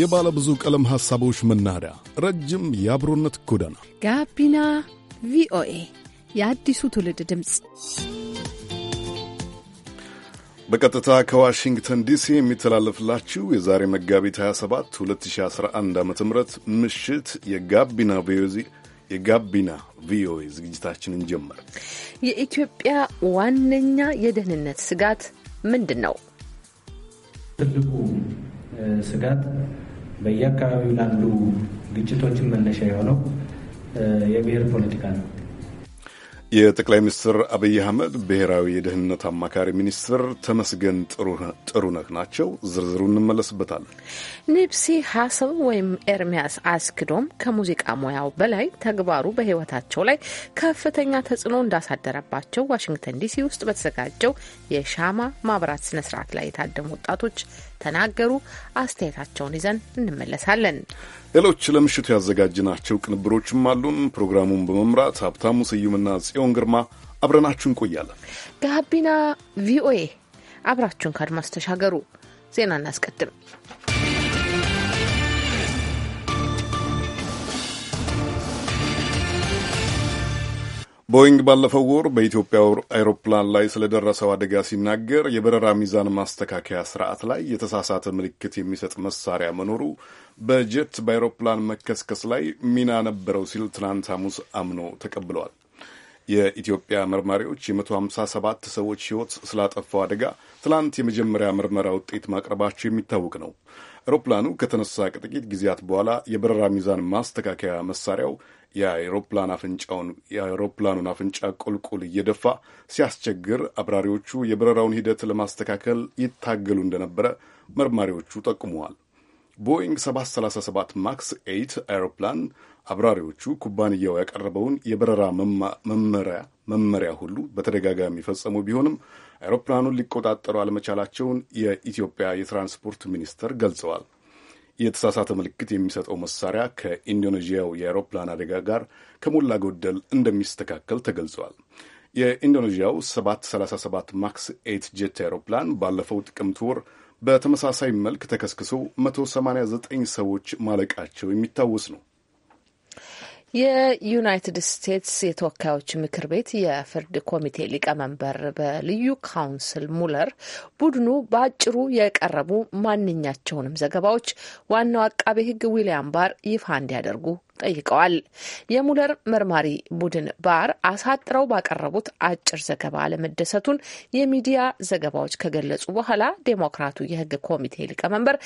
የባለ ብዙ ቀለም ሐሳቦች መናኸሪያ፣ ረጅም የአብሮነት ጎዳና፣ ጋቢና ቪኦኤ የአዲሱ ትውልድ ድምፅ በቀጥታ ከዋሽንግተን ዲሲ የሚተላለፍላችሁ የዛሬ መጋቢት 27 2011 ዓ ም ምሽት የጋቢና ቪኦኤ የጋቢና ቪኦኤ ዝግጅታችንን ጀመር። የኢትዮጵያ ዋነኛ የደህንነት ስጋት ምንድን ነው? ትልቁ ስጋት በየአካባቢው ላሉ ግጭቶችን መነሻ የሆነው የብሔር ፖለቲካ ነው። የጠቅላይ ሚኒስትር አብይ አህመድ ብሔራዊ የደህንነት አማካሪ ሚኒስትር ተመስገን ጥሩነህ ናቸው። ዝርዝሩ እንመለስበታል። ኒፕሲ ሀስል ወይም ኤርሚያስ አስክዶም ከሙዚቃ ሙያው በላይ ተግባሩ በሕይወታቸው ላይ ከፍተኛ ተጽዕኖ እንዳሳደረባቸው ዋሽንግተን ዲሲ ውስጥ በተዘጋጀው የሻማ ማብራት ስነስርዓት ላይ የታደሙ ወጣቶች ተናገሩ። አስተያየታቸውን ይዘን እንመለሳለን። ሌሎች ለምሽቱ ያዘጋጅናቸው ቅንብሮችም አሉን። ፕሮግራሙን በመምራት ሀብታሙ ስዩምና ጽዮን ግርማ አብረናችሁ እንቆያለን። ጋቢና ቪኦኤ አብራችሁን ከአድማስ ተሻገሩ። ዜና እናስቀድም። ቦይንግ ባለፈው ወር በኢትዮጵያ አውሮፕላን ላይ ስለደረሰው አደጋ ሲናገር የበረራ ሚዛን ማስተካከያ ስርዓት ላይ የተሳሳተ ምልክት የሚሰጥ መሳሪያ መኖሩ በጀት በአውሮፕላን መከስከስ ላይ ሚና ነበረው ሲል ትናንት ሐሙስ አምኖ ተቀብለዋል። የኢትዮጵያ መርማሪዎች የ157 ሰዎች ሕይወት ስላጠፋው አደጋ ትላንት የመጀመሪያ ምርመራ ውጤት ማቅረባቸው የሚታወቅ ነው። አይሮፕላኑ ከተነሳ ከጥቂት ጊዜያት በኋላ የበረራ ሚዛን ማስተካከያ መሳሪያው የአውሮፕላን አፍንጫውን አፍንጫ ቁልቁል እየደፋ ሲያስቸግር አብራሪዎቹ የበረራውን ሂደት ለማስተካከል ይታገሉ እንደነበረ መርማሪዎቹ ጠቁመዋል። ቦይንግ 737 ማክስ 8 አውሮፕላን አብራሪዎቹ ኩባንያው ያቀረበውን የበረራ መመሪያ መመሪያ ሁሉ በተደጋጋሚ ፈጸሙ ቢሆንም አውሮፕላኑን ሊቆጣጠሩ አለመቻላቸውን የኢትዮጵያ የትራንስፖርት ሚኒስቴር ገልጸዋል። የተሳሳተ ምልክት የሚሰጠው መሳሪያ ከኢንዶኔዥያው የአውሮፕላን አደጋ ጋር ከሞላ ጎደል እንደሚስተካከል ተገልጿል። የኢንዶኔዥያው 737 ማክስ ኤት ጄት አውሮፕላን ባለፈው ጥቅምት ወር በተመሳሳይ መልክ ተከስክሶ 189 ሰዎች ማለቃቸው የሚታወስ ነው። የዩናይትድ ስቴትስ የተወካዮች ምክር ቤት የፍርድ ኮሚቴ ሊቀመንበር በልዩ ካውንስል ሙለር ቡድኑ በአጭሩ የቀረቡ ማንኛቸውንም ዘገባዎች ዋናው አቃቤ ሕግ ዊሊያም ባር ይፋ እንዲያደርጉ ጠይቀዋል። የሙለር መርማሪ ቡድን ባር አሳጥረው ባቀረቡት አጭር ዘገባ አለመደሰቱን የሚዲያ ዘገባዎች ከገለጹ በኋላ ዴሞክራቱ የህግ ኮሚቴ ሊቀመንበር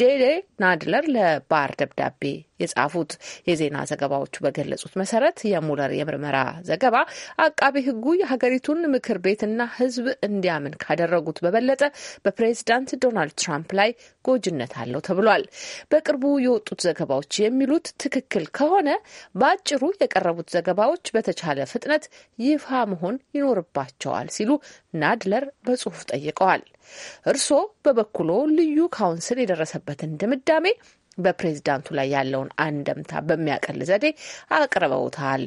ጄዴ ናድለር ለባር ደብዳቤ የጻፉት የዜና ዘገባዎቹ በገለጹት መሰረት የሙለር የምርመራ ዘገባ አቃቢ ህጉ የሀገሪቱን ምክር ቤትና ህዝብ እንዲያምን ካደረጉት በበለጠ በፕሬዝዳንት ዶናልድ ትራምፕ ላይ ጎጂነት አለው ተብሏል። በቅርቡ የወጡት ዘገባዎች የሚሉት ትክክል ከ ከሆነ በአጭሩ የቀረቡት ዘገባዎች በተቻለ ፍጥነት ይፋ መሆን ይኖርባቸዋል ሲሉ ናድለር በጽሁፍ ጠይቀዋል። እርስዎ በበኩሎ ልዩ ካውንስል የደረሰበትን ድምዳሜ በፕሬዝዳንቱ ላይ ያለውን አንደምታ በሚያቀል ዘዴ አቅርበውታል።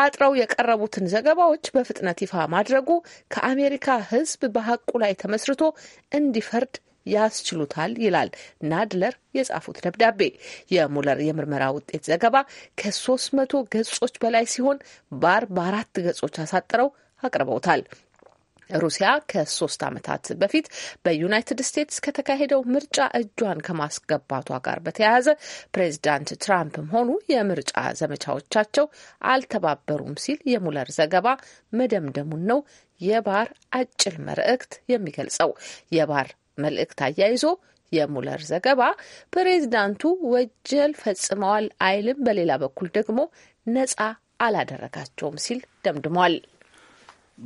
አጥረው የቀረቡትን ዘገባዎች በፍጥነት ይፋ ማድረጉ ከአሜሪካ ሕዝብ በሀቁ ላይ ተመስርቶ እንዲፈርድ ያስችሉታል ይላል ናድለር የጻፉት ደብዳቤ። የሙለር የምርመራ ውጤት ዘገባ ከሶስት መቶ ገጾች በላይ ሲሆን ባር በአራት ገጾች አሳጥረው አቅርበውታል። ሩሲያ ከሶስት ዓመታት በፊት በዩናይትድ ስቴትስ ከተካሄደው ምርጫ እጇን ከማስገባቷ ጋር በተያያዘ ፕሬዚዳንት ትራምፕም ሆኑ የምርጫ ዘመቻዎቻቸው አልተባበሩም ሲል የሙለር ዘገባ መደምደሙን ነው የባር አጭር መልእክት የሚገልጸው። የባር መልእክት አያይዞ የሙለር ዘገባ ፕሬዚዳንቱ ወንጀል ፈጽመዋል አይልም፣ በሌላ በኩል ደግሞ ነጻ አላደረጋቸውም ሲል ደምድሟል።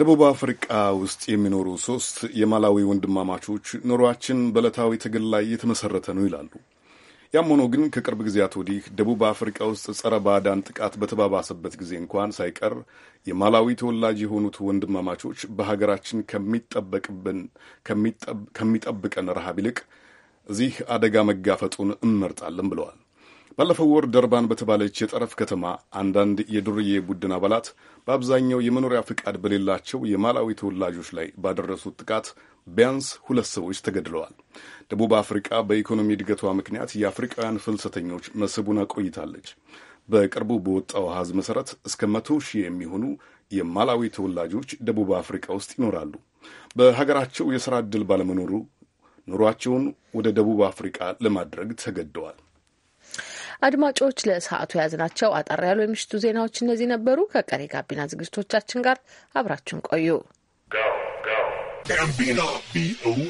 ደቡብ አፍሪቃ ውስጥ የሚኖሩ ሶስት የማላዊ ወንድማማቾች ኑሯችን በዕለታዊ ትግል ላይ የተመሰረተ ነው ይላሉ። ያም ሆኖ ግን ከቅርብ ጊዜያት ወዲህ ደቡብ አፍሪቃ ውስጥ ጸረ ባዕዳን ጥቃት በተባባሰበት ጊዜ እንኳን ሳይቀር የማላዊ ተወላጅ የሆኑት ወንድማማቾች በሀገራችን ከሚጠብቀን ረሃብ ይልቅ እዚህ አደጋ መጋፈጡን እንመርጣለን ብለዋል። ባለፈው ወር ደርባን በተባለች የጠረፍ ከተማ አንዳንድ የዱርዬ ቡድን አባላት በአብዛኛው የመኖሪያ ፍቃድ በሌላቸው የማላዊ ተወላጆች ላይ ባደረሱት ጥቃት ቢያንስ ሁለት ሰዎች ተገድለዋል። ደቡብ አፍሪቃ በኢኮኖሚ እድገቷ ምክንያት የአፍሪቃውያን ፍልሰተኞች መስህቡን አቆይታለች። በቅርቡ በወጣው አሃዝ መሠረት እስከ መቶ ሺህ የሚሆኑ የማላዊ ተወላጆች ደቡብ አፍሪቃ ውስጥ ይኖራሉ። በሀገራቸው የሥራ ዕድል ባለመኖሩ ኑሯቸውን ወደ ደቡብ አፍሪቃ ለማድረግ ተገደዋል። አድማጮች ለሰዓቱ የያዝናቸው አጠር ያሉ የምሽቱ ዜናዎች እነዚህ ነበሩ። ከቀሪ ጋቢና ዝግጅቶቻችን ጋር አብራችሁን ቆዩ። ጋቢና ቪኦኤ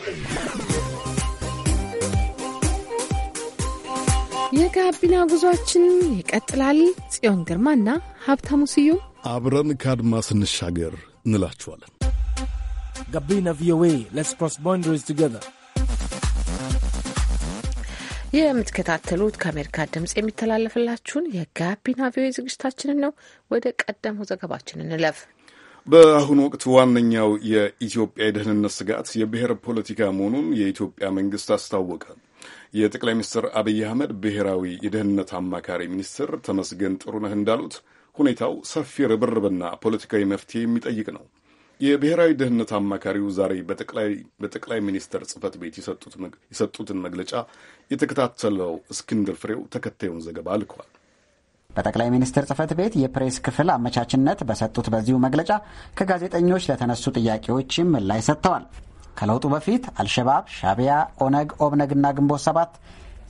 የጋቢና ጉዟችን ይቀጥላል። ጽዮን ግርማና ሀብታሙ ስዩም አብረን ከአድማ ስንሻገር እንላችኋለን። ጋቢና ቪኦኤ ሌትስ ክሮስ ቦንደሪስ ቱጌዘር የምትከታተሉት ከአሜሪካ ድምፅ የሚተላለፍላችሁን የጋቢና ቪኦኤ ዝግጅታችንን ነው። ወደ ቀደመው ዘገባችን እንለፍ። በአሁኑ ወቅት ዋነኛው የኢትዮጵያ የደህንነት ስጋት የብሔር ፖለቲካ መሆኑን የኢትዮጵያ መንግስት አስታወቀ። የጠቅላይ ሚኒስትር አብይ አህመድ ብሔራዊ የደህንነት አማካሪ ሚኒስትር ተመስገን ጥሩነህ እንዳሉት ሁኔታው ሰፊ ርብርብና ፖለቲካዊ መፍትሄ የሚጠይቅ ነው። የብሔራዊ ደህንነት አማካሪው ዛሬ በጠቅላይ ሚኒስትር ጽህፈት ቤት የሰጡትን መግለጫ የተከታተለው እስክንድር ፍሬው ተከታዩን ዘገባ አልከዋል። በጠቅላይ ሚኒስትር ጽህፈት ቤት የፕሬስ ክፍል አመቻችነት በሰጡት በዚሁ መግለጫ ከጋዜጠኞች ለተነሱ ጥያቄዎችም ምላሽ ሰጥተዋል። ከለውጡ በፊት አልሸባብ፣ ሻቢያ፣ ኦነግ፣ ኦብነግና ግንቦት ሰባት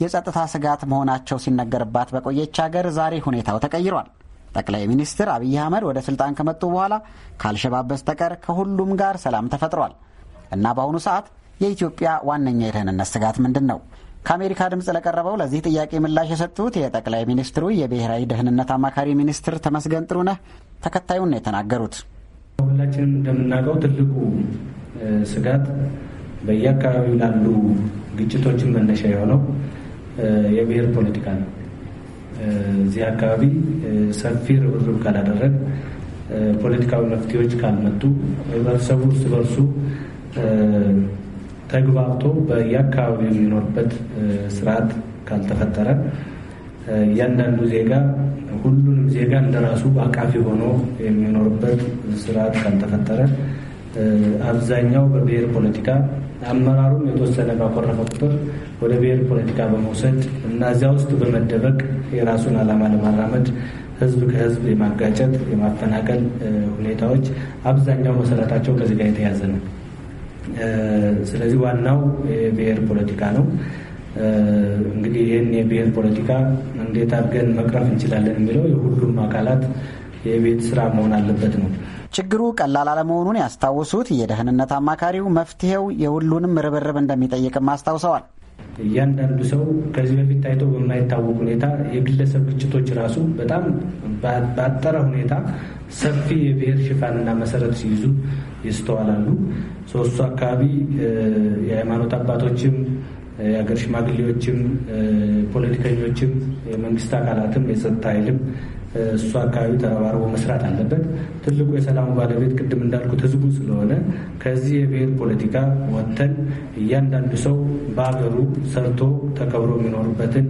የጸጥታ ስጋት መሆናቸው ሲነገርባት በቆየች ሀገር ዛሬ ሁኔታው ተቀይሯል። ጠቅላይ ሚኒስትር አብይ አህመድ ወደ ስልጣን ከመጡ በኋላ ከአልሸባብ በስተቀር ከሁሉም ጋር ሰላም ተፈጥሯል እና በአሁኑ ሰዓት የኢትዮጵያ ዋነኛ የደህንነት ስጋት ምንድን ነው? ከአሜሪካ ድምፅ ለቀረበው ለዚህ ጥያቄ ምላሽ የሰጡት የጠቅላይ ሚኒስትሩ የብሔራዊ ደህንነት አማካሪ ሚኒስትር ተመስገን ጥሩነህ ተከታዩን ነው የተናገሩት። ሁላችንም እንደምናውቀው ትልቁ ስጋት በየአካባቢው ላሉ ግጭቶችን መነሻ የሆነው የብሔር ፖለቲካ ነው። እዚህ አካባቢ ሰፊ ርብርብ ካላደረግ፣ ፖለቲካዊ መፍትሄዎች ካልመጡ፣ ህብረተሰቡ እርስ በርሱ ተግባብቶ በየአካባቢው የሚኖርበት ስርዓት ካልተፈጠረ እያንዳንዱ ዜጋ ሁሉንም ዜጋ እንደራሱ አቃፊ ሆኖ የሚኖርበት ስርዓት ካልተፈጠረ አብዛኛው በብሔር ፖለቲካ አመራሩም የተወሰነ ባኮረፈ ቁጥር ወደ ብሔር ፖለቲካ በመውሰድ እና እዚያ ውስጥ በመደበቅ የራሱን ዓላማ ለማራመድ ህዝብ ከህዝብ የማጋጨት የማፈናቀል ሁኔታዎች አብዛኛው መሰረታቸው ከዚህ ጋር የተያዘ ነው። ስለዚህ ዋናው የብሔር ፖለቲካ ነው። እንግዲህ ይህን የብሔር ፖለቲካ እንዴት አድርገን መቅረፍ እንችላለን የሚለው የሁሉም አካላት የቤት ስራ መሆን አለበት ነው። ችግሩ ቀላል አለመሆኑን ያስታውሱት የደህንነት አማካሪው መፍትሄው የሁሉንም ርብርብ እንደሚጠይቅም አስታውሰዋል። እያንዳንዱ ሰው ከዚህ በፊት ታይቶ በማይታወቅ ሁኔታ የግለሰብ ግጭቶች ራሱ በጣም ባጠረ ሁኔታ ሰፊ የብሔር ሽፋንና መሰረት ሲይዙ ይስተዋላሉ። ሶስቱ አካባቢ የሃይማኖት አባቶችም የሀገር ሽማግሌዎችም፣ ፖለቲከኞችም፣ የመንግስት አካላትም የጸጥታ ኃይልም እሱ አካባቢ ተረባርቦ መስራት አለበት። ትልቁ የሰላሙ ባለቤት ቅድም እንዳልኩት ህዝቡ ስለሆነ ከዚህ የብሔር ፖለቲካ ወጥተን እያንዳንዱ ሰው በሀገሩ ሰርቶ ተከብሮ የሚኖርበትን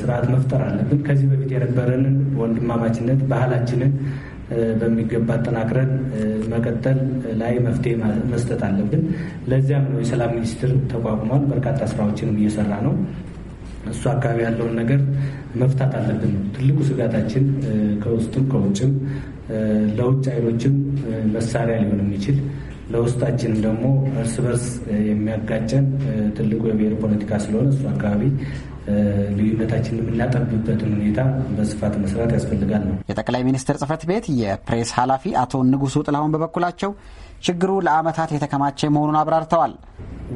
ስርዓት መፍጠር አለብን። ከዚህ በፊት የነበረንን ወንድማማችነት ባህላችንን በሚገባ አጠናክረን መቀጠል ላይ መፍትሄ መስጠት አለብን። ለዚያም ነው የሰላም ሚኒስቴር ተቋቁሟል። በርካታ ስራዎችንም እየሰራ ነው። እሱ አካባቢ ያለውን ነገር መፍታት አለብን ነው ትልቁ ስጋታችን። ከውስጥም ከውጭም ለውጭ ኃይሎችም መሳሪያ ሊሆን የሚችል ለውስጣችንም ደግሞ እርስ በርስ የሚያጋጨን ትልቁ የብሔር ፖለቲካ ስለሆነ እሱ አካባቢ ልዩነታችንን የምናጠብበትን ሁኔታ በስፋት መስራት ያስፈልጋል ነው። የጠቅላይ ሚኒስትር ጽህፈት ቤት የፕሬስ ኃላፊ አቶ ንጉሱ ጥላሁን በበኩላቸው ችግሩ ለአመታት የተከማቸ መሆኑን አብራርተዋል።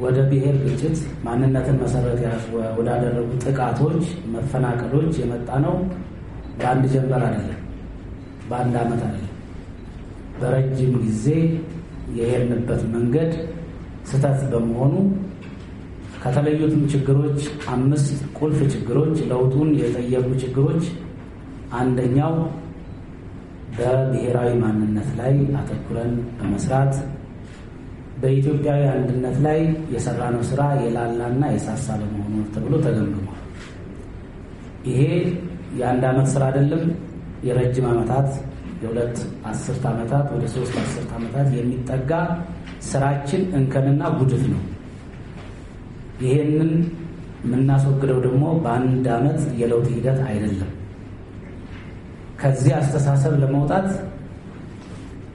ወደ ብሔር ግጭት፣ ማንነትን መሰረት ወዳደረጉ ጥቃቶች፣ መፈናቀሎች የመጣ ነው። በአንድ ጀንበር አይደለም፣ በአንድ ዓመት አይደለም። በረጅም ጊዜ የሄድንበት መንገድ ስህተት በመሆኑ ከተለዩትም ችግሮች አምስት ቁልፍ ችግሮች ለውጡን የጠየቁ ችግሮች አንደኛው በብሔራዊ ማንነት ላይ አተኩረን በመስራት በኢትዮጵያዊ አንድነት ላይ የሰራነው ስራ የላላና የሳሳ ለመሆኑ ተብሎ ተገምግሟል። ይሄ የአንድ ዓመት ስራ አይደለም። የረጅም ዓመታት የሁለት አስርት ዓመታት ወደ ሶስት አስርት ዓመታት የሚጠጋ ስራችን እንከንና ጉድፍ ነው። ይሄንን የምናስወግደው ደግሞ በአንድ ዓመት የለውጥ ሂደት አይደለም። ከዚህ አስተሳሰብ ለመውጣት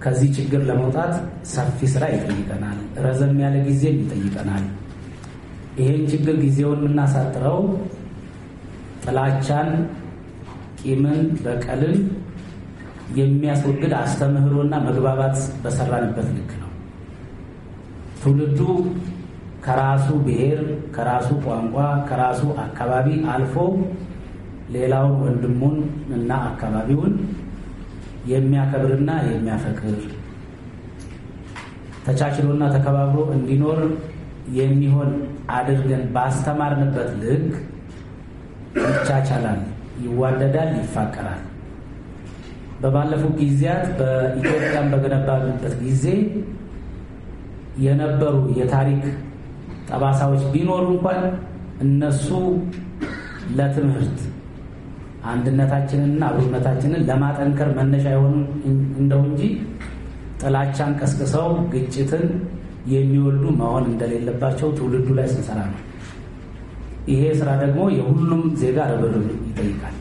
ከዚህ ችግር ለመውጣት ሰፊ ስራ ይጠይቀናል፣ ረዘም ያለ ጊዜም ይጠይቀናል። ይህን ችግር ጊዜውን የምናሳጥረው ጥላቻን፣ ቂምን፣ በቀልን የሚያስወግድ አስተምህሮና መግባባት በሰራንበት ልክ ነው። ትውልዱ ከራሱ ብሔር፣ ከራሱ ቋንቋ፣ ከራሱ አካባቢ አልፎ ሌላውን ወንድሙን እና አካባቢውን የሚያከብርና የሚያፈቅር ተቻችሎና ተከባብሮ እንዲኖር የሚሆን አድርገን ባስተማርንበት ልክ ይቻቻላል፣ ይዋደዳል፣ ይፋቀራል። በባለፉት ጊዜያት በኢትዮጵያን በገነባንበት ጊዜ የነበሩ የታሪክ ጠባሳዎች ቢኖሩ እንኳን እነሱ ለትምህርት አንድነታችንንና አብሮነታችንን ለማጠንከር መነሻ የሆኑ እንደው እንጂ ጥላቻን ቀስቅሰው ግጭትን የሚወልዱ መሆን እንደሌለባቸው ትውልዱ ላይ ስንሰራ ነው። ይሄ ስራ ደግሞ የሁሉም ዜጋ ርብርብ ይጠይቃል።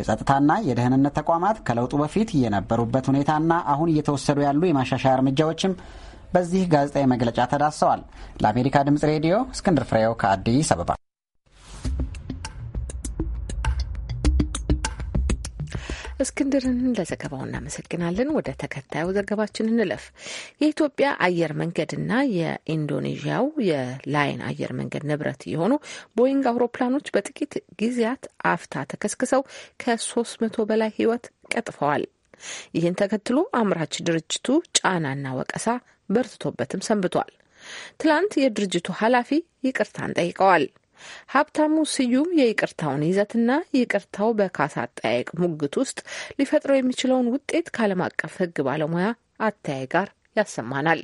የጸጥታና የደህንነት ተቋማት ከለውጡ በፊት የነበሩበት ሁኔታና አሁን እየተወሰዱ ያሉ የማሻሻያ እርምጃዎችም በዚህ ጋዜጣዊ መግለጫ ተዳሰዋል። ለአሜሪካ ድምጽ ሬዲዮ እስክንድር ፍሬው ከአዲስ አበባ እስክንድርን ለዘገባው እናመሰግናለን። ወደ ተከታዩ ዘገባችን እንለፍ። የኢትዮጵያ አየር መንገድና የኢንዶኔዥያው የላይን አየር መንገድ ንብረት የሆኑ ቦይንግ አውሮፕላኖች በጥቂት ጊዜያት አፍታ ተከስክሰው ከሶስት መቶ በላይ ህይወት ቀጥፈዋል። ይህን ተከትሎ አምራች ድርጅቱ ጫናና ወቀሳ በርትቶበትም ሰንብቷል። ትላንት የድርጅቱ ኃላፊ ይቅርታን ጠይቀዋል። ሀብታሙ ስዩም የይቅርታውን ይዘትና ይቅርታው በካሳ አጠያየቅ ሙግት ውስጥ ሊፈጥረው የሚችለውን ውጤት ከዓለም አቀፍ ሕግ ባለሙያ አተያይ ጋር ያሰማናል።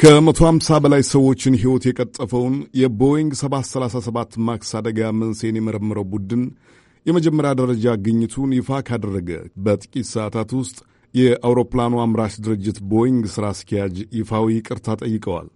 ከመቶ ሃምሳ በላይ ሰዎችን ሕይወት የቀጠፈውን የቦይንግ 737 ማክስ አደጋ መንስኤን የመረመረው ቡድን የመጀመሪያ ደረጃ ግኝቱን ይፋ ካደረገ በጥቂት ሰዓታት ውስጥ የአውሮፕላኑ አምራች ድርጅት ቦይንግ ሥራ አስኪያጅ ይፋዊ ይቅርታ ጠይቀዋል።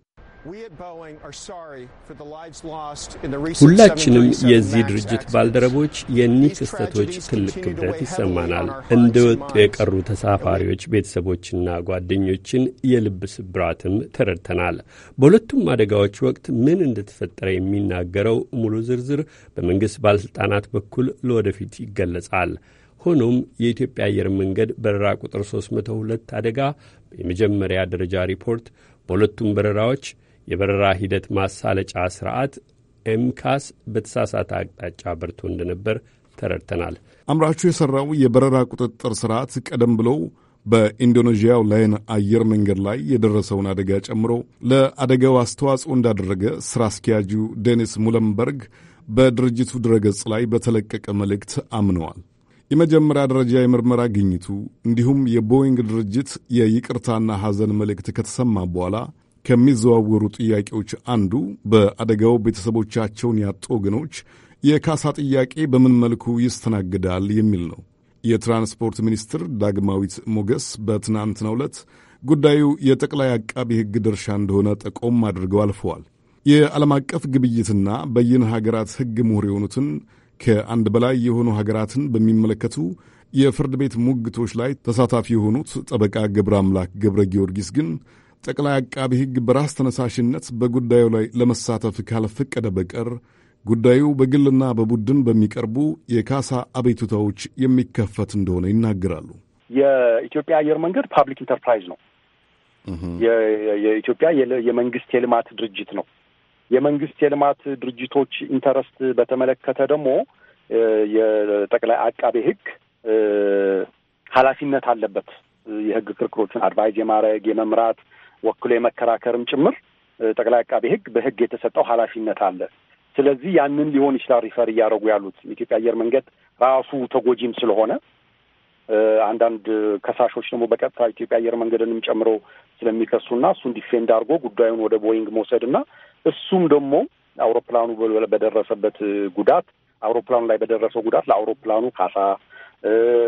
ሁላችንም የዚህ ድርጅት ባልደረቦች የእኒህ ክስተቶች ትልቅ ክብደት ይሰማናል። እንደ ወጡ የቀሩ ተሳፋሪዎች ቤተሰቦችና ጓደኞችን የልብ ስብራትም ተረድተናል። በሁለቱም አደጋዎች ወቅት ምን እንደተፈጠረ የሚናገረው ሙሉ ዝርዝር በመንግሥት ባለሥልጣናት በኩል ለወደፊት ይገለጻል። ሆኖም የኢትዮጵያ አየር መንገድ በረራ ቁጥር 302 አደጋ የመጀመሪያ ደረጃ ሪፖርት በሁለቱም በረራዎች የበረራ ሂደት ማሳለጫ ሥርዓት ኤምካስ በተሳሳተ አቅጣጫ በርቶ እንደነበር ተረድተናል። አምራቹ የሠራው የበረራ ቁጥጥር ሥርዓት ቀደም ብለው በኢንዶኔዥያው ላይን አየር መንገድ ላይ የደረሰውን አደጋ ጨምሮ ለአደጋው አስተዋጽኦ እንዳደረገ ሥራ አስኪያጁ ዴኒስ ሙለንበርግ በድርጅቱ ድረገጽ ላይ በተለቀቀ መልእክት አምነዋል። የመጀመሪያ ደረጃ የምርመራ ግኝቱ እንዲሁም የቦይንግ ድርጅት የይቅርታና ሐዘን መልእክት ከተሰማ በኋላ ከሚዘዋወሩ ጥያቄዎች አንዱ በአደጋው ቤተሰቦቻቸውን ያጡ ወገኖች የካሳ ጥያቄ በምን መልኩ ይስተናግዳል የሚል ነው። የትራንስፖርት ሚኒስትር ዳግማዊት ሞገስ በትናንትናው ዕለት ጉዳዩ የጠቅላይ አቃቢ ሕግ ድርሻ እንደሆነ ጠቆም አድርገው አልፈዋል። የዓለም አቀፍ ግብይትና በይነ ሀገራት ሕግ ምሁር የሆኑትን ከአንድ በላይ የሆኑ ሀገራትን በሚመለከቱ የፍርድ ቤት ሙግቶች ላይ ተሳታፊ የሆኑት ጠበቃ ገብረ አምላክ ገብረ ጊዮርጊስ ግን ጠቅላይ አቃቢ ሕግ በራስ ተነሳሽነት በጉዳዩ ላይ ለመሳተፍ ካልፈቀደ በቀር ጉዳዩ በግልና በቡድን በሚቀርቡ የካሳ አቤቱታዎች የሚከፈት እንደሆነ ይናገራሉ። የኢትዮጵያ አየር መንገድ ፓብሊክ ኢንተርፕራይዝ ነው። የኢትዮጵያ የመንግስት የልማት ድርጅት ነው። የመንግስት የልማት ድርጅቶች ኢንተረስት በተመለከተ ደግሞ የጠቅላይ አቃቤ ህግ ኃላፊነት አለበት። የህግ ክርክሮችን አድቫይዝ የማድረግ የመምራት ወክሎ የመከራከርም ጭምር ጠቅላይ አቃቤ ህግ በህግ የተሰጠው ኃላፊነት አለ። ስለዚህ ያንን ሊሆን ይችላል ሪፈር እያደረጉ ያሉት የኢትዮጵያ አየር መንገድ ራሱ ተጎጂም ስለሆነ አንዳንድ ከሳሾች ደግሞ በቀጥታ ኢትዮጵያ አየር መንገድንም ጨምሮ ስለሚከሱና እሱን ዲፌንድ አድርጎ ጉዳዩን ወደ ቦይንግ መውሰድና እሱም ደግሞ አውሮፕላኑ በደረሰበት ጉዳት አውሮፕላኑ ላይ በደረሰው ጉዳት ለአውሮፕላኑ ካሳ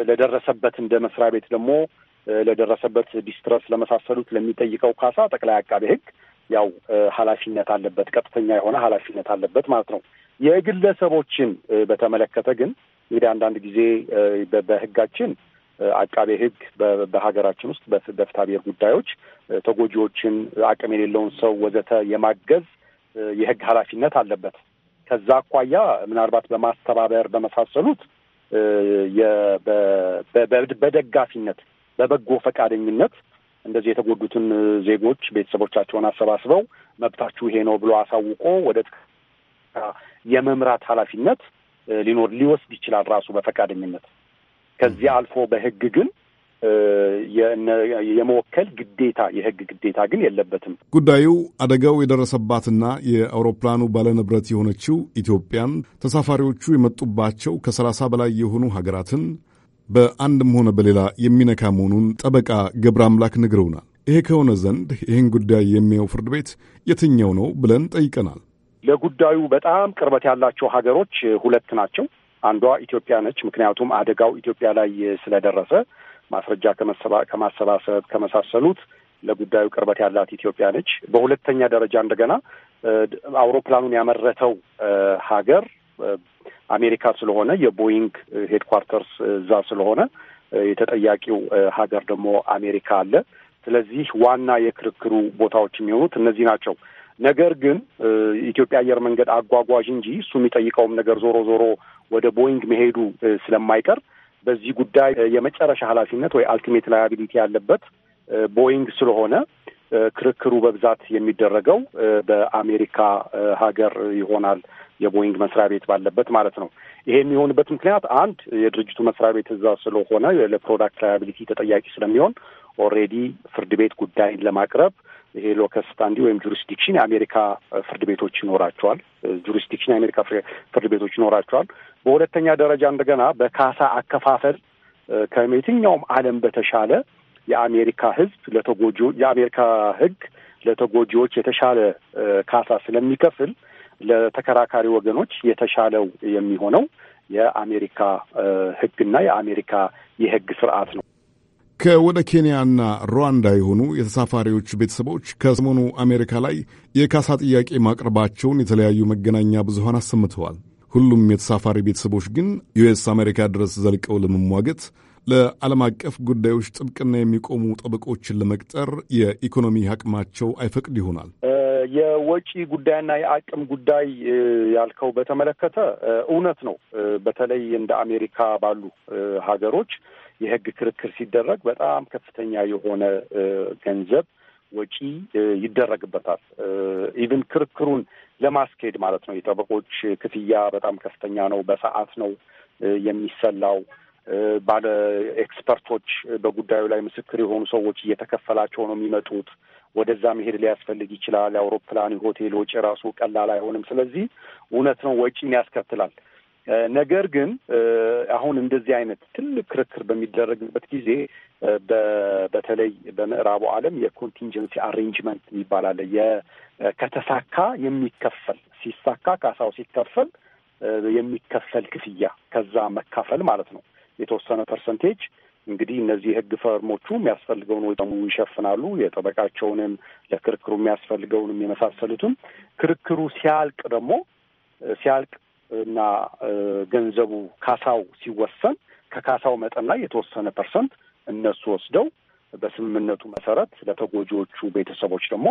ለደረሰበት እንደ መስሪያ ቤት ደግሞ ለደረሰበት ዲስትረስ ለመሳሰሉት ለሚጠይቀው ካሳ ጠቅላይ አቃቤ ሕግ ያው ኃላፊነት አለበት፣ ቀጥተኛ የሆነ ኃላፊነት አለበት ማለት ነው። የግለሰቦችን በተመለከተ ግን እንግዲህ አንዳንድ ጊዜ በሕጋችን አቃቤ ሕግ በሀገራችን ውስጥ በፍታ ብሔር ጉዳዮች ተጎጂዎችን፣ አቅም የሌለውን ሰው ወዘተ የማገዝ የሕግ ኃላፊነት አለበት። ከዛ አኳያ ምናልባት በማስተባበር በመሳሰሉት በደጋፊነት በበጎ ፈቃደኝነት እንደዚህ የተጎዱትን ዜጎች ቤተሰቦቻቸውን አሰባስበው መብታችሁ ይሄ ነው ብሎ አሳውቆ ወደ የመምራት ኃላፊነት ሊኖር ሊወስድ ይችላል ራሱ በፈቃደኝነት። ከዚያ አልፎ በህግ ግን የመወከል ግዴታ የህግ ግዴታ ግን የለበትም። ጉዳዩ አደጋው የደረሰባትና የአውሮፕላኑ ባለንብረት የሆነችው ኢትዮጵያን ተሳፋሪዎቹ የመጡባቸው ከሰላሳ በላይ የሆኑ ሀገራትን በአንድም ሆነ በሌላ የሚነካ መሆኑን ጠበቃ ገብረ አምላክ ነግረውናል። ይሄ ከሆነ ዘንድ ይህን ጉዳይ የሚያየው ፍርድ ቤት የትኛው ነው ብለን ጠይቀናል። ለጉዳዩ በጣም ቅርበት ያላቸው ሀገሮች ሁለት ናቸው። አንዷ ኢትዮጵያ ነች። ምክንያቱም አደጋው ኢትዮጵያ ላይ ስለደረሰ ማስረጃ ከማሰባሰብ ከመሳሰሉት ለጉዳዩ ቅርበት ያላት ኢትዮጵያ ነች። በሁለተኛ ደረጃ እንደገና አውሮፕላኑን ያመረተው ሀገር አሜሪካ ስለሆነ የቦይንግ ሄድኳርተርስ እዛ ስለሆነ የተጠያቂው ሀገር ደግሞ አሜሪካ አለ። ስለዚህ ዋና የክርክሩ ቦታዎች የሚሆኑት እነዚህ ናቸው። ነገር ግን ኢትዮጵያ አየር መንገድ አጓጓዥ እንጂ እሱ የሚጠይቀውም ነገር ዞሮ ዞሮ ወደ ቦይንግ መሄዱ ስለማይቀር በዚህ ጉዳይ የመጨረሻ ኃላፊነት ወይ አልቲሜት ላያቢሊቲ ያለበት ቦይንግ ስለሆነ ክርክሩ በብዛት የሚደረገው በአሜሪካ ሀገር ይሆናል። የቦይንግ መስሪያ ቤት ባለበት ማለት ነው። ይሄ የሚሆንበት ምክንያት አንድ የድርጅቱ መስሪያ ቤት እዛ ስለሆነ ለፕሮዳክት ላያቢሊቲ ተጠያቂ ስለሚሆን ኦልሬዲ ፍርድ ቤት ጉዳይን ለማቅረብ ይሄ ሎከስታንዲ ወይም ጁሪስዲክሽን የአሜሪካ ፍርድ ቤቶች ይኖራቸዋል። ጁሪስዲክሽን የአሜሪካ ፍርድ ቤቶች ይኖራቸዋል። በሁለተኛ ደረጃ እንደገና በካሳ አከፋፈል ከየትኛውም ዓለም በተሻለ የአሜሪካ ሕዝብ ለተጎጂ የአሜሪካ ሕግ ለተጎጂዎች የተሻለ ካሳ ስለሚከፍል ለተከራካሪ ወገኖች የተሻለው የሚሆነው የአሜሪካ ህግና የአሜሪካ የህግ ስርዓት ነው። ከወደ ኬንያና ሩዋንዳ የሆኑ የተሳፋሪዎች ቤተሰቦች ከሰሞኑ አሜሪካ ላይ የካሳ ጥያቄ ማቅረባቸውን የተለያዩ መገናኛ ብዙሀን አሰምተዋል። ሁሉም የተሳፋሪ ቤተሰቦች ግን ዩኤስ አሜሪካ ድረስ ዘልቀው ለመሟገት ለዓለም አቀፍ ጉዳዮች ጥብቅና የሚቆሙ ጠበቆችን ለመቅጠር የኢኮኖሚ አቅማቸው አይፈቅድ ይሆናል። የወጪ ጉዳይና የአቅም ጉዳይ ያልከው በተመለከተ እውነት ነው። በተለይ እንደ አሜሪካ ባሉ ሀገሮች የህግ ክርክር ሲደረግ በጣም ከፍተኛ የሆነ ገንዘብ ወጪ ይደረግበታል። ኢቭን ክርክሩን ለማስኬድ ማለት ነው። የጠበቆች ክፍያ በጣም ከፍተኛ ነው። በሰዓት ነው የሚሰላው። ባለ ኤክስፐርቶች በጉዳዩ ላይ ምስክር የሆኑ ሰዎች እየተከፈላቸው ነው የሚመጡት። ወደዛ መሄድ ሊያስፈልግ ይችላል። የአውሮፕላን ሆቴሎች ወጪ ራሱ ቀላል አይሆንም። ስለዚህ እውነት ነው ወጪን ያስከትላል። ነገር ግን አሁን እንደዚህ አይነት ትልቅ ክርክር በሚደረግበት ጊዜ በተለይ በምዕራቡ ዓለም የኮንቲንጀንሲ አሬንጅመንት የሚባል አለ። ከተሳካ የሚከፈል ሲሳካ ካሳው ሲከፈል የሚከፈል ክፍያ ከዛ መካፈል ማለት ነው የተወሰነ ፐርሰንቴጅ እንግዲህ እነዚህ የህግ ፈርሞቹ የሚያስፈልገውን ወጪ ይሸፍናሉ። የጠበቃቸውንም ለክርክሩ የሚያስፈልገውንም የመሳሰሉትም ክርክሩ ሲያልቅ ደግሞ ሲያልቅ እና ገንዘቡ ካሳው ሲወሰን ከካሳው መጠን ላይ የተወሰነ ፐርሰንት እነሱ ወስደው በስምምነቱ መሰረት ለተጎጂዎቹ ቤተሰቦች ደግሞ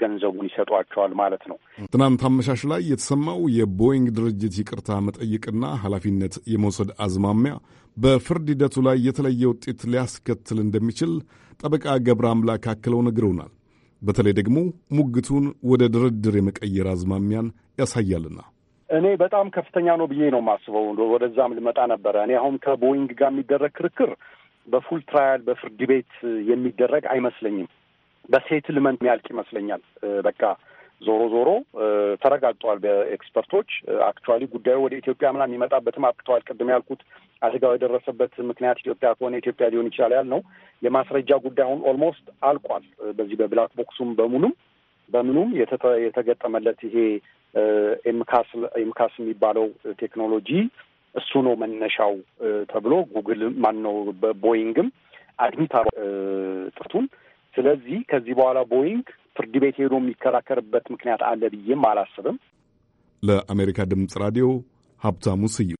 ገንዘቡን ይሰጧቸዋል ማለት ነው። ትናንት አመሻሽ ላይ የተሰማው የቦይንግ ድርጅት ይቅርታ መጠየቅና ኃላፊነት የመውሰድ አዝማሚያ በፍርድ ሂደቱ ላይ የተለየ ውጤት ሊያስከትል እንደሚችል ጠበቃ ገብረ አምላክ አክለው ነግረውናል። በተለይ ደግሞ ሙግቱን ወደ ድርድር የመቀየር አዝማሚያን ያሳያልና እኔ በጣም ከፍተኛ ነው ብዬ ነው የማስበው። ወደዛም ልመጣ ነበረ። እኔ አሁን ከቦይንግ ጋር የሚደረግ ክርክር በፉል ትራያል በፍርድ ቤት የሚደረግ አይመስለኝም። በሴትልመንት ሚያልቅ ይመስለኛል። በቃ ዞሮ ዞሮ ተረጋግጧል በኤክስፐርቶች አክቹዋሊ ጉዳዩ ወደ ኢትዮጵያ ምናምን የሚመጣበትም አብቅተዋል። ቅድም ያልኩት አደጋው የደረሰበት ምክንያት ኢትዮጵያ ከሆነ ኢትዮጵያ ሊሆን ይችላል ያልነው የማስረጃ ጉዳይ አሁን ኦልሞስት አልቋል። በዚህ በብላክ ቦክሱም በሙሉም በምኑም የተገጠመለት ይሄ ኤምካስ የሚባለው ቴክኖሎጂ እሱ ነው መነሻው ተብሎ ጉግል ማን ነው ቦይንግም አድሚት ጥርቱን ስለዚህ ከዚህ በኋላ ቦይንግ ፍርድ ቤት ሄዶ የሚከራከርበት ምክንያት አለ ብዬም አላስብም። ለአሜሪካ ድምፅ ራዲዮ ሀብታሙ ስዩ።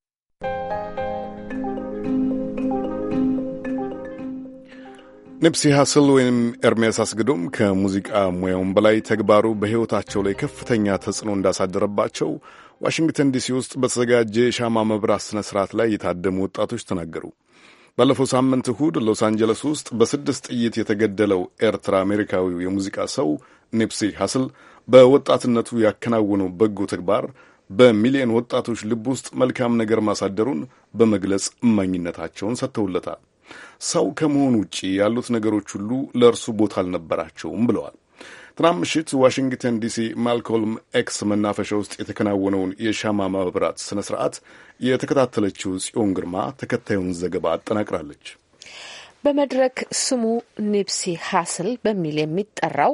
ንብሲ ሀስል ወይም ኤርሜስ አስግዶም ከሙዚቃ ሙያውም በላይ ተግባሩ በሕይወታቸው ላይ ከፍተኛ ተጽዕኖ እንዳሳደረባቸው ዋሽንግተን ዲሲ ውስጥ በተዘጋጀ የሻማ መብራት ሥነ ሥርዓት ላይ የታደሙ ወጣቶች ተናገሩ። ባለፈው ሳምንት እሁድ ሎስ አንጀለስ ውስጥ በስድስት ጥይት የተገደለው ኤርትራ አሜሪካዊው የሙዚቃ ሰው ኒፕሲ ሀስል በወጣትነቱ ያከናወነው በጎ ተግባር በሚሊዮን ወጣቶች ልብ ውስጥ መልካም ነገር ማሳደሩን በመግለጽ እማኝነታቸውን ሰጥተውለታል። ሰው ከመሆን ውጪ ያሉት ነገሮች ሁሉ ለእርሱ ቦታ አልነበራቸውም ብለዋል። ትናንት ምሽት ዋሽንግተን ዲሲ ማልኮልም ኤክስ መናፈሻ ውስጥ የተከናወነውን የሻማ ማብራት ስነ ስርዓት የተከታተለችው ጽዮን ግርማ ተከታዩን ዘገባ አጠናቅራለች። በመድረክ ስሙ ኒፕሲ ሀስል በሚል የሚጠራው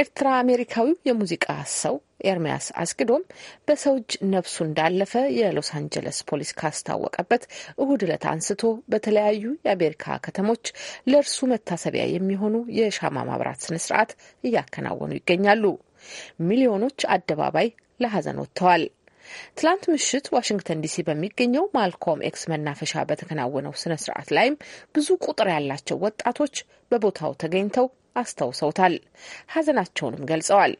ኤርትራ አሜሪካዊው የሙዚቃ ሰው ኤርሚያስ አስግዶም በሰው እጅ ነፍሱ እንዳለፈ የሎስ አንጀለስ ፖሊስ ካስታወቀበት እሁድ ዕለት አንስቶ በተለያዩ የአሜሪካ ከተሞች ለእርሱ መታሰቢያ የሚሆኑ የሻማ ማብራት ስነ ስርዓት እያከናወኑ ይገኛሉ። ሚሊዮኖች አደባባይ ለሀዘን ወጥተዋል። ትላንት ምሽት ዋሽንግተን ዲሲ በሚገኘው ማልኮም ኤክስ መናፈሻ በተከናወነው ስነ ስርዓት ላይም ብዙ ቁጥር ያላቸው ወጣቶች በቦታው ተገኝተው አስታውሰውታል፣ ሀዘናቸውንም ገልጸዋል።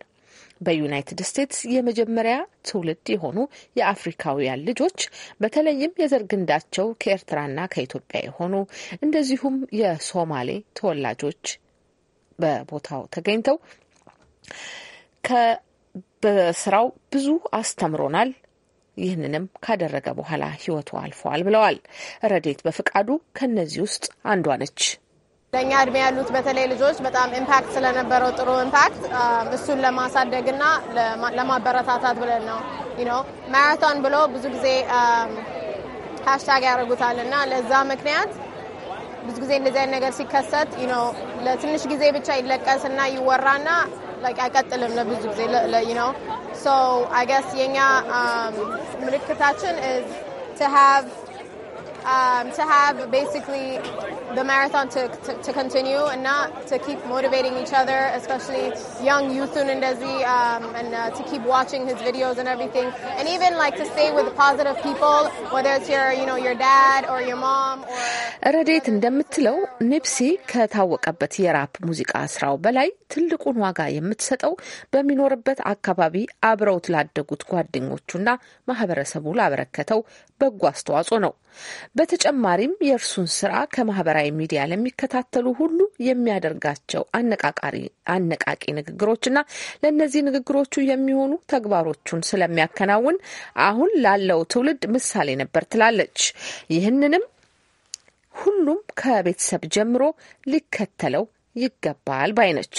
በዩናይትድ ስቴትስ የመጀመሪያ ትውልድ የሆኑ የአፍሪካውያን ልጆች በተለይም የዘር ግንዳቸው ከኤርትራና ከኢትዮጵያ የሆኑ እንደዚሁም የሶማሌ ተወላጆች በቦታው ተገኝተው በስራው ብዙ አስተምሮናል። ይህንንም ካደረገ በኋላ ህይወቱ አልፈዋል ብለዋል። ረዴት በፍቃዱ ከነዚህ ውስጥ አንዷ ነች። ለእኛ እድሜ ያሉት በተለይ ልጆች በጣም ኢምፓክት ስለነበረው ጥሩ ኢምፓክት እሱን ለማሳደግና ለማበረታታት ብለን ነው ነው ማራቶን ብሎ ብዙ ጊዜ ሀሽታግ ያደርጉታል እና ለዛ ምክንያት ብዙ ጊዜ እንደዚህ አይነት ነገር ሲከሰት ነው ለትንሽ ጊዜ ብቻ ይለቀስና ይወራና አይቀጥልም ለብዙ ጊዜ ነው። ሶ አይ ገስ የኛ ምልክታችን um, to have basically the marathon to, to, to continue and not to keep motivating each other, especially young Yusun and Desi, um, and uh, to keep watching his videos and everything. And even like to stay with positive people, whether it's your, you know, your dad or your mom or... ረዴት እንደምትለው ኒፕሲ ከታወቀበት የራፕ ሙዚቃ ስራው በላይ ትልቁን ዋጋ የምትሰጠው በሚኖርበት አካባቢ አብረውት ላደጉት ጓደኞቹና ማህበረሰቡ ላበረከተው በጎ አስተዋጽኦ ነው። በተጨማሪም የእርሱን ስራ ከማህበራዊ ሚዲያ ለሚከታተሉ ሁሉ የሚያደርጋቸው አነቃቂ ንግግሮችና ለእነዚህ ንግግሮቹ የሚሆኑ ተግባሮቹን ስለሚያከናውን አሁን ላለው ትውልድ ምሳሌ ነበር ትላለች። ይህንንም ሁሉም ከቤተሰብ ጀምሮ ሊከተለው ይገባል ባይነች።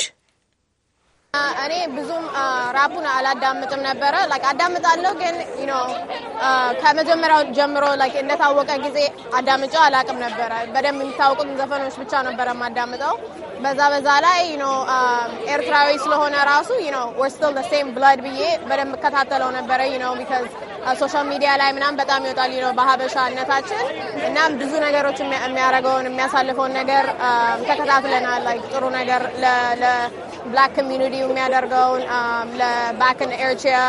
Uh, እኔ ብዙም uh, ራፑን አላዳምጥም ነበረ። አዳምጣለሁ ግን uh, ከመጀመሪያው ጀምሮ እንደታወቀ ጊዜ አዳምጨው አላቅም ነበረ። በደንብ የሚታወቁት ዘፈኖች ብቻ ነበረ የማዳምጠው። በዛ በዛ ላይ ኤርትራዊ ስለሆነ ራሱ ወር ሴም ብዬ በደንብ እከታተለው ነበረ። ሶሻል ሚዲያ ላይ ምናም በጣም ይወጣል በሀበሻነታችን እናም ብዙ ነገሮች የሚያደርገውን የሚያሳልፈውን ነገር ተከታትለናል። ጥሩ ነገር ብላክ ኮሚኒቲው የሚያደርገውን ለባክን ኤርትሪያ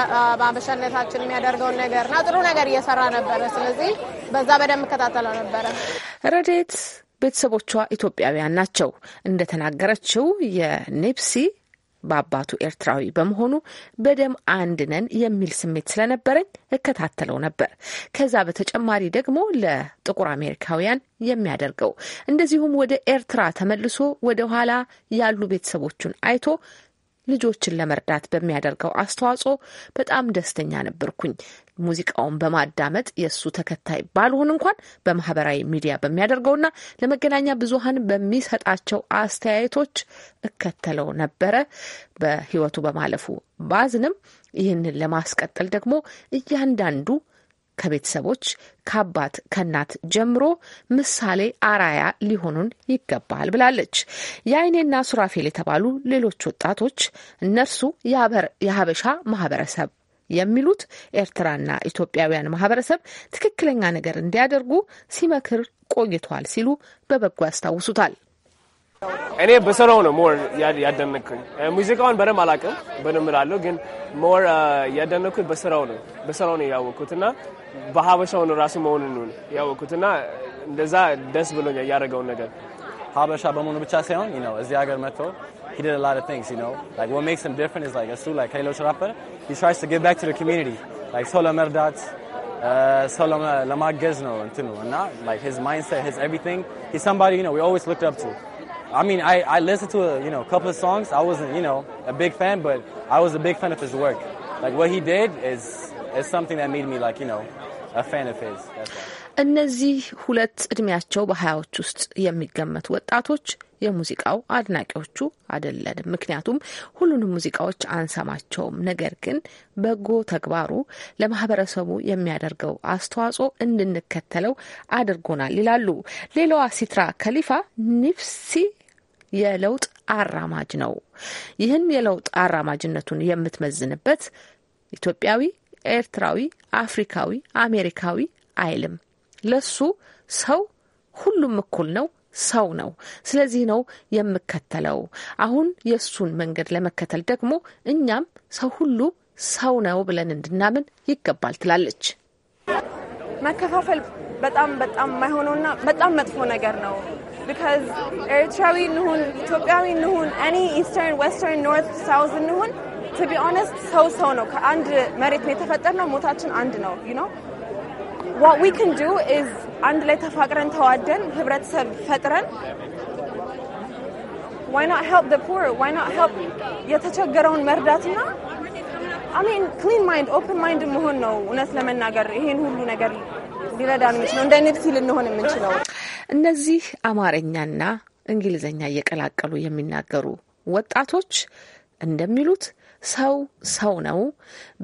በአበሻነታችን የሚያደርገውን ነገር እና ጥሩ ነገር እየሰራ ነበረ። ስለዚህ በዛ በደንብ እከታተለው ነበረ። ረዴት ቤተሰቦቿ ኢትዮጵያውያን ናቸው። እንደተናገረችው የኔፕሲ በአባቱ ኤርትራዊ በመሆኑ በደም አንድ ነን የሚል ስሜት ስለነበረኝ እከታተለው ነበር። ከዛ በተጨማሪ ደግሞ ለጥቁር አሜሪካውያን የሚያደርገው እንደዚሁም ወደ ኤርትራ ተመልሶ ወደ ኋላ ያሉ ቤተሰቦቹን አይቶ ልጆችን ለመርዳት በሚያደርገው አስተዋጽኦ በጣም ደስተኛ ነበርኩኝ። ሙዚቃውን በማዳመጥ የእሱ ተከታይ ባልሆን እንኳን በማህበራዊ ሚዲያ በሚያደርገውና ለመገናኛ ብዙኃን በሚሰጣቸው አስተያየቶች እከተለው ነበረ። በህይወቱ በማለፉ ባዝንም ይህንን ለማስቀጠል ደግሞ እያንዳንዱ ከቤተሰቦች፣ ከአባት ከእናት ጀምሮ ምሳሌ አራያ ሊሆኑን ይገባል ብላለች። የአይኔና ሱራፌል የተባሉ ሌሎች ወጣቶች እነርሱ የሀበሻ ማህበረሰብ የሚሉት ኤርትራና ኢትዮጵያውያን ማህበረሰብ ትክክለኛ ነገር እንዲያደርጉ ሲመክር ቆይቷል ሲሉ በበጎ ያስታውሱታል። እኔ በስራው ነው ሞር ያደነኩኝ። ሙዚቃውን በደንብ አላውቅም፣ በደንብ ላለው ግን ሞር ያደነኩኝ በስራው ነው በስራው ነው ያወቅኩት እና በሀበሻው ነው ራሱ መሆኑን ያወቅኩትና እንደዛ ደስ ብሎኛል ያደረገውን ነገር ሀበሻ በመሆኑ ብቻ ሳይሆን ነው እዚህ ሀገር መጥቶ he did a lot of things, you know. Like what makes him different is like Asu, like Kailo Sharapar, he tries to give back to the community. Like Sola Merdat, Sola Lamagezno, and Tunu, and not like his mindset, his everything. He's somebody, you know, we always looked up to. I mean, I, I listened to, a, you know, a couple of songs. I wasn't, you know, a big fan, but I was a big fan of his work. Like what he did is, is something that made me like, you know, እነዚህ ሁለት እድሜያቸው በሀያዎች ውስጥ የሚገመቱ ወጣቶች የሙዚቃው አድናቂዎቹ አይደለን ምክንያቱም ሁሉንም ሙዚቃዎች አንሰማቸውም። ነገር ግን በጎ ተግባሩ ለማህበረሰቡ የሚያደርገው አስተዋጽኦ እንድንከተለው አድርጎናል ይላሉ። ሌላዋ ሲትራ ከሊፋ ኒፍሲ የለውጥ አራማጅ ነው። ይህን የለውጥ አራማጅነቱን የምትመዝንበት ኢትዮጵያዊ ኤርትራዊ፣ አፍሪካዊ፣ አሜሪካዊ አይልም። ለሱ ሰው ሁሉም እኩል ነው፣ ሰው ነው። ስለዚህ ነው የምከተለው። አሁን የእሱን መንገድ ለመከተል ደግሞ እኛም ሰው ሁሉ ሰው ነው ብለን እንድናምን ይገባል ትላለች። መከፋፈል በጣም በጣም የማይሆነውና በጣም መጥፎ ነገር ነው። ቢካዝ ኤርትራዊ እንሁን ኢትዮጵያዊ እንሁን እኔ ኢስተርን፣ ዌስተርን፣ ኖርት፣ ሳውዝ እንሁን ቢ ኦነስት ሰው ሰው ነው። ከአንድ መሬት ነው የተፈጠርነው። ሞታችን አንድ ነው። ዩ ኖ ዋት ዊ ካን ዱ ኢዝ አንድ ላይ ተፋቅረን ተዋደን ህብረተሰብ ፈጥረን ዋይ ኖት ሄልፕ ዘ ፑር ዋይ ኖት ሄልፕ የተቸገረውን መርዳትና አሜን ክሊን ማይንድ ኦፕን ማይንድ መሆን ነው። እውነት ለመናገር ይሄን ሁሉ ነገር ሊረዳን የምችለው እንደ ንድፊ ልንሆን የምንችለው እነዚህ አማርኛና እንግሊዝኛ እየቀላቀሉ የሚናገሩ ወጣቶች እንደሚሉት ሰው ሰው ነው።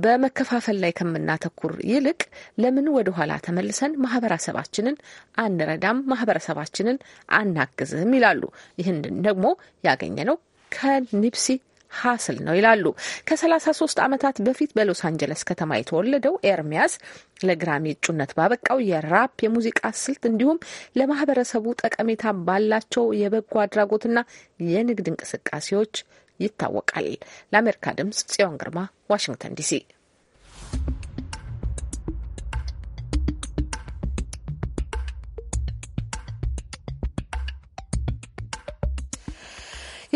በመከፋፈል ላይ ከምናተኩር ይልቅ ለምን ወደኋላ ተመልሰን ማህበረሰባችንን አንረዳም፣ ማህበረሰባችንን አናግዝም ይላሉ። ይህን ደግሞ ያገኘ ነው ከኒፕሲ ሀስል ነው ይላሉ። ከ33 ዓመታት በፊት በሎስ አንጀለስ ከተማ የተወለደው ኤርሚያስ ለግራሚ እጩነት ባበቃው የራፕ የሙዚቃ ስልት እንዲሁም ለማህበረሰቡ ጠቀሜታ ባላቸው የበጎ አድራጎትና የንግድ እንቅስቃሴዎች ይታወቃል። ለአሜሪካ ድምጽ ጽዮን ግርማ ዋሽንግተን ዲሲ።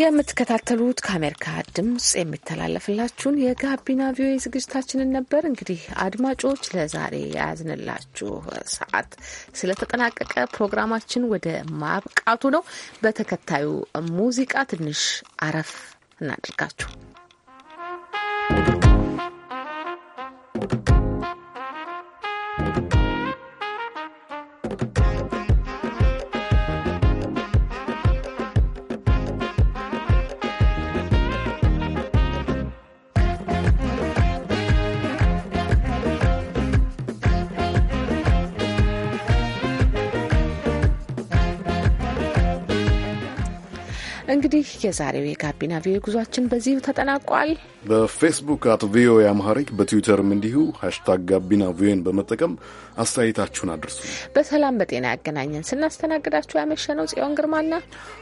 የምትከታተሉት ከአሜሪካ ድምጽ የሚተላለፍላችሁን የጋቢና ቪኦኤ ዝግጅታችንን ነበር። እንግዲህ አድማጮች፣ ለዛሬ የያዝንላችሁ ሰዓት ስለተጠናቀቀ ፕሮግራማችን ወደ ማብቃቱ ነው። በተከታዩ ሙዚቃ ትንሽ አረፍ እናድርጋችሁ። እንግዲህ የዛሬው የጋቢና ቪኦኤ ጉዟችን በዚሁ ተጠናቋል። በፌስቡክ አት ቪኦኤ አምሃሪክ በትዊተርም እንዲሁ ሃሽታግ ጋቢና ቪኦኤን በመጠቀም አስተያየታችሁን አድርሱ። በሰላም በጤና ያገናኘን። ስናስተናግዳችሁ ያመሸነው ጽዮን ግርማና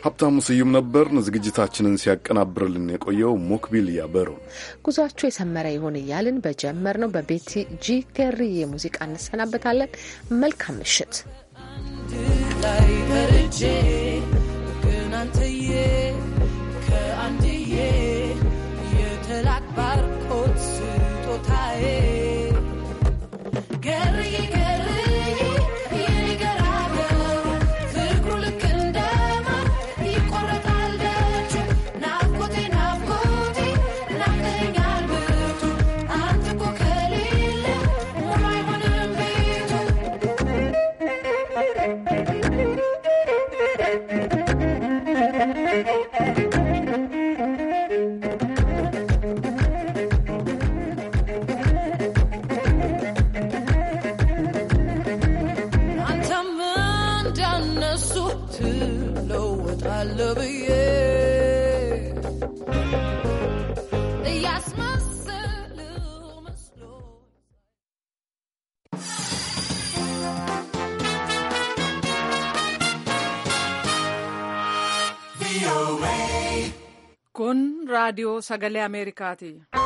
ሀብታሙ ስዩም ነበርን። ዝግጅታችንን ሲያቀናብርልን የቆየው ሞክቢል ያበሩ። ጉዟችሁ የሰመረ ይሁን እያልን በጀመር ነው በቤቲ ጂ ገሪ የሙዚቃ እንሰናበታለን። መልካም ምሽት። sagalee ameerikaati.